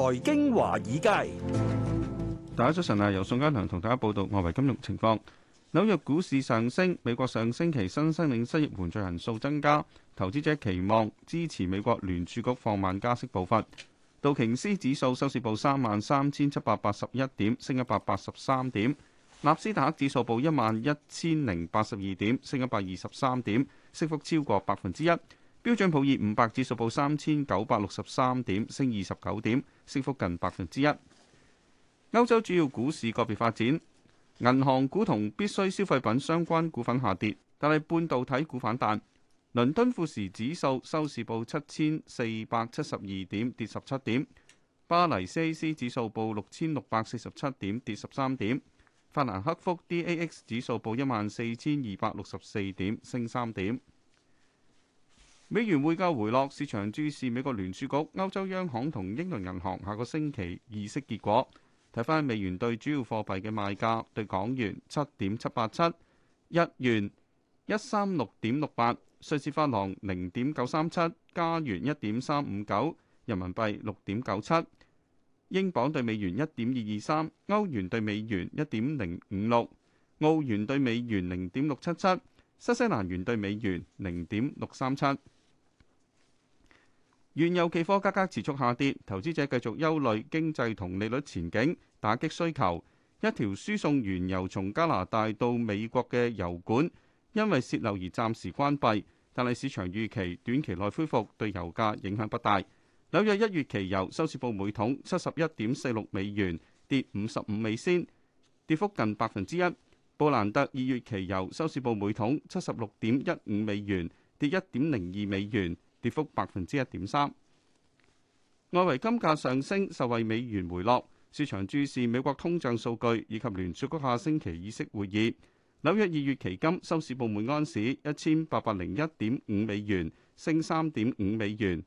財經華爾街，大家早晨啊！由宋家良同大家報道外圍金融情況。紐約股市上升，美國上星期新生領失業援助人數增加，投資者期望支持美國聯儲局放慢加息步伐。道瓊斯指數收市報三萬三千七百八十一點，升一百八十三點；納斯達克指數報一萬一千零八十二點，升一百二十三點，升幅超過百分之一。標準普爾五百指數報三千九百六十三點，升二十九點，升幅近百分之一。歐洲主要股市個別發展，銀行股同必須消費品相關股份下跌，但係半導體股反彈。倫敦富時指數收市報七千四百七十二點，跌十七點。巴黎 CAC 指數報六千六百四十七點，跌十三點。法蘭克福 DAX 指數報一萬四千二百六十四點，升三點。美元匯價回落，市場注視美國聯儲局、歐洲央行同英倫銀行下個星期議息結果。睇翻美元對主要貨幣嘅賣價，對港元七點七八七，日元一三六點六八，瑞士法郎零點九三七，加元一點三五九，人民幣六點九七，英鎊對美元一點二二三，歐元對美元一點零五六，澳元對美元零點六七七，新西蘭元對美元零點六三七。原油期貨價格持續下跌，投資者繼續憂慮經濟同利率前景，打擊需求。一條輸送原油從加拿大到美國嘅油管因為泄漏而暫時關閉，但係市場預期短期內恢復，對油價影響不大。紐約一月期油收市報每桶七十一點四六美元，跌五十五美仙，跌幅近百分之一。布蘭特二月期油收市報每桶七十六點一五美元，跌一點零二美元。跌幅百分之一點三，外圍金價上升，受惠美元回落，市場注視美國通脹數據以及聯儲局下星期議息會議。紐約二月期金收市報每安士一千八百零一點五美元，升三點五美元，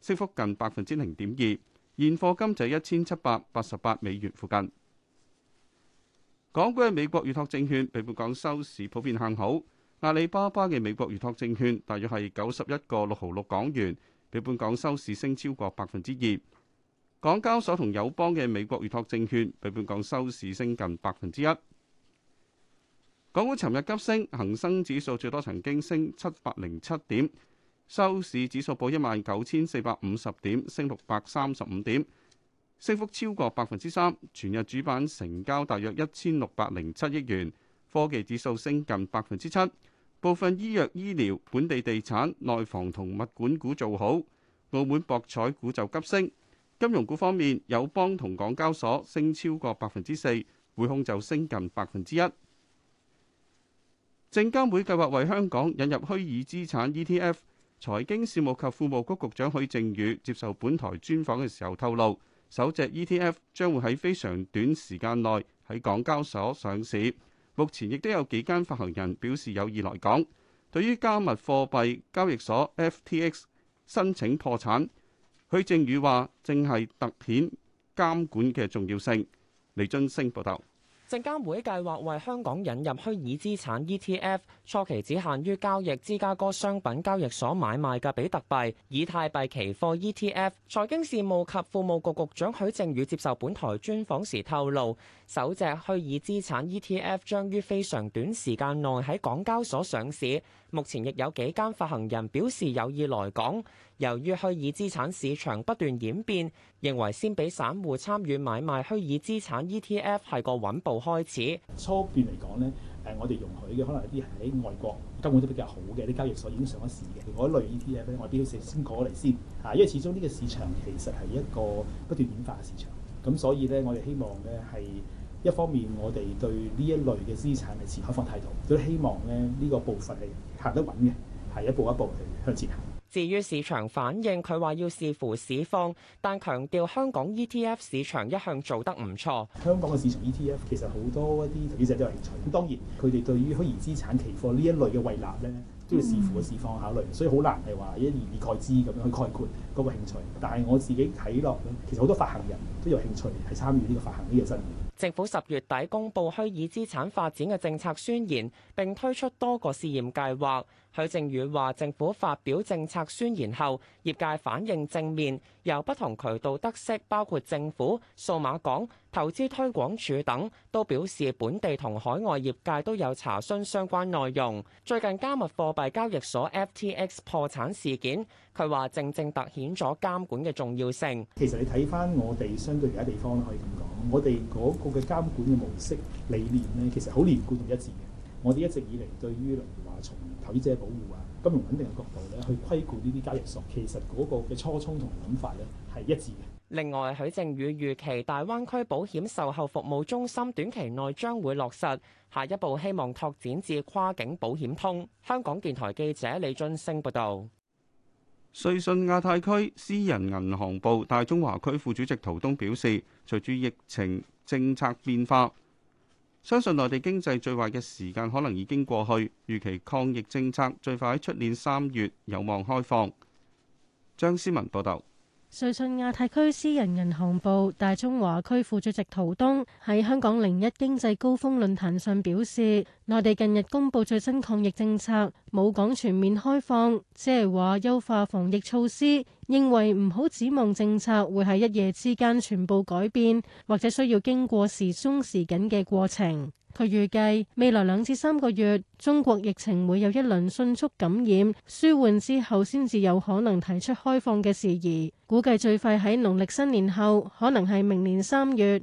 升幅近百分之零點二。現貨金就係一千七百八十八美元附近。港股嘅美國預託證券，比本港收市普遍向好。阿里巴巴嘅美國預託證券大約係九十一個六毫六港元，比本港收市升超過百分之二。港交所同友邦嘅美國預託證券比本港收市升近百分之一。港股尋日急升，恒生指數最多曾經升七百零七點，收市指數報一萬九千四百五十點，升六百三十五點，升幅超過百分之三。全日主板成交大約一千六百零七億元，科技指數升近百分之七。部分醫藥醫療、本地地產、內房同物管股做好，澳門博彩股就急升。金融股方面，友邦同港交所升超過百分之四，匯控就升近百分之一。證監會計劃為香港引入虛擬資產 ETF，財經事務及庫務局局長許正宇接受本台專訪嘅時候透露，首隻 ETF 將會喺非常短時間內喺港交所上市。目前亦都有幾間發行人表示有意來港。對於加密貨幣交易所 FTX 申請破產，許正宇話正係突顯監管嘅重要性。李津升報道。證監會計劃為香港引入虛擬資產 ETF，初期只限於交易芝加哥商品交易所買賣嘅比特幣、以太幣期貨 ETF。財經事務及庫務局局長許正宇接受本台專訪時透露，首隻虛擬資產 ETF 將於非常短時間內喺港交所上市。目前亦有幾間發行人表示有意來港。由於虛擬資產市場不斷演變，認為先俾散戶參與買賣虛擬資產 ETF 係個穩步開始。初段嚟講咧，誒我哋容許嘅可能一啲係喺外國根本都比較好嘅啲交易所已經上咗市嘅，我一類 ETF 咧我哋先過嚟先嚇，因為始終呢個市場其實係一個不斷演化嘅市場。咁所以咧，我哋希望咧係一方面我哋對呢一類嘅資產係持開放態度，都希望咧呢個步伐係行得穩嘅，係一步一步去向前行。至於市場反應，佢話要視乎市況，但強調香港 ETF 市場一向做得唔錯。香港嘅市場 ETF 其實好多一啲投資者都有興趣。咁當然佢哋對於虛擬資產期貨呢一類嘅胃納咧，都要視乎個市況考慮。所以好難係話一言以概之咁樣去概括嗰個興趣。但係我自己睇落，其實好多發行人都有興趣係參與呢個發行呢個生意。政府十月底公布虛擬資產發展嘅政策宣言，並推出多個試驗計劃，許正宇話：政府發表政策宣言後，業界反應正面。由不同渠道得悉，包括政府、數碼港、投資推廣署等，都表示本地同海外業界都有查詢相關內容。最近加密貨幣交易所 FTX 破產事件，佢話正正突顯咗監管嘅重要性。其實你睇返我哋相對其他地方可以咁講，我哋嗰個嘅監管嘅模式理念呢，其實好連貫一致嘅。我哋一直以嚟對於話從投資者保護啊、金融穩定嘅角度咧，去規管呢啲交易所，其實嗰個嘅初衷同諗法咧係一致嘅。另外，許正宇預期大灣區保險售後服務中心短期內將會落實，下一步希望拓展至跨境保險通。香港電台記者李俊升報道。瑞信亞太區私人銀行部大中華區副主席陶東表示，隨住疫情政策變化。相信內地經濟最壞嘅時間可能已經過去，預期抗疫政策最快喺出年三月有望開放。張思文報道。瑞信亞太區私人銀行部大中華區副主席陶東喺香港零一經濟高峰論壇上表示，內地近日公布最新抗疫政策，冇講全面開放，即係話優化防疫措施。認為唔好指望政策會喺一夜之間全部改變，或者需要經過時鬆時緊嘅過程。佢預計未來兩至三個月，中國疫情會有一輪迅速感染，舒緩之後先至有可能提出開放嘅事宜。估計最快喺農曆新年後，可能係明年三月。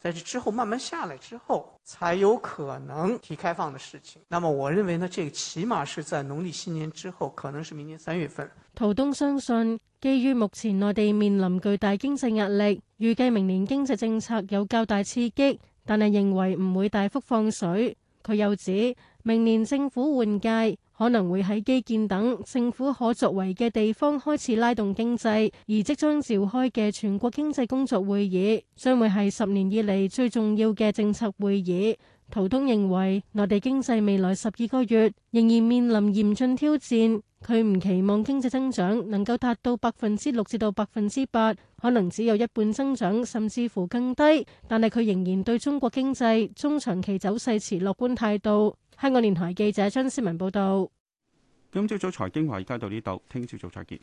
在之後慢慢下來之後，才有可能提開放的事情。那麼我認為呢，這個起碼是在農曆新年之後，可能是明年三月份。陶冬相信，基於目前內地面臨巨大經濟壓力，預計明年經濟政策有較大刺激，但係認為唔會大幅放水。佢又指，明年政府換屆。可能會喺基建等政府可作為嘅地方開始拉動經濟，而即將召開嘅全國經濟工作會議將會係十年以嚟最重要嘅政策會議。陶東認為內地經濟未來十二個月仍然面臨嚴峻挑戰，佢唔期望經濟增長能夠達到百分之六至到百分之八，可能只有一半增長甚至乎更低，但係佢仍然對中國經濟中長期走勢持樂觀態度。香港電台記者張思文報道。今朝早財經華爾街到呢度，聽朝早再見。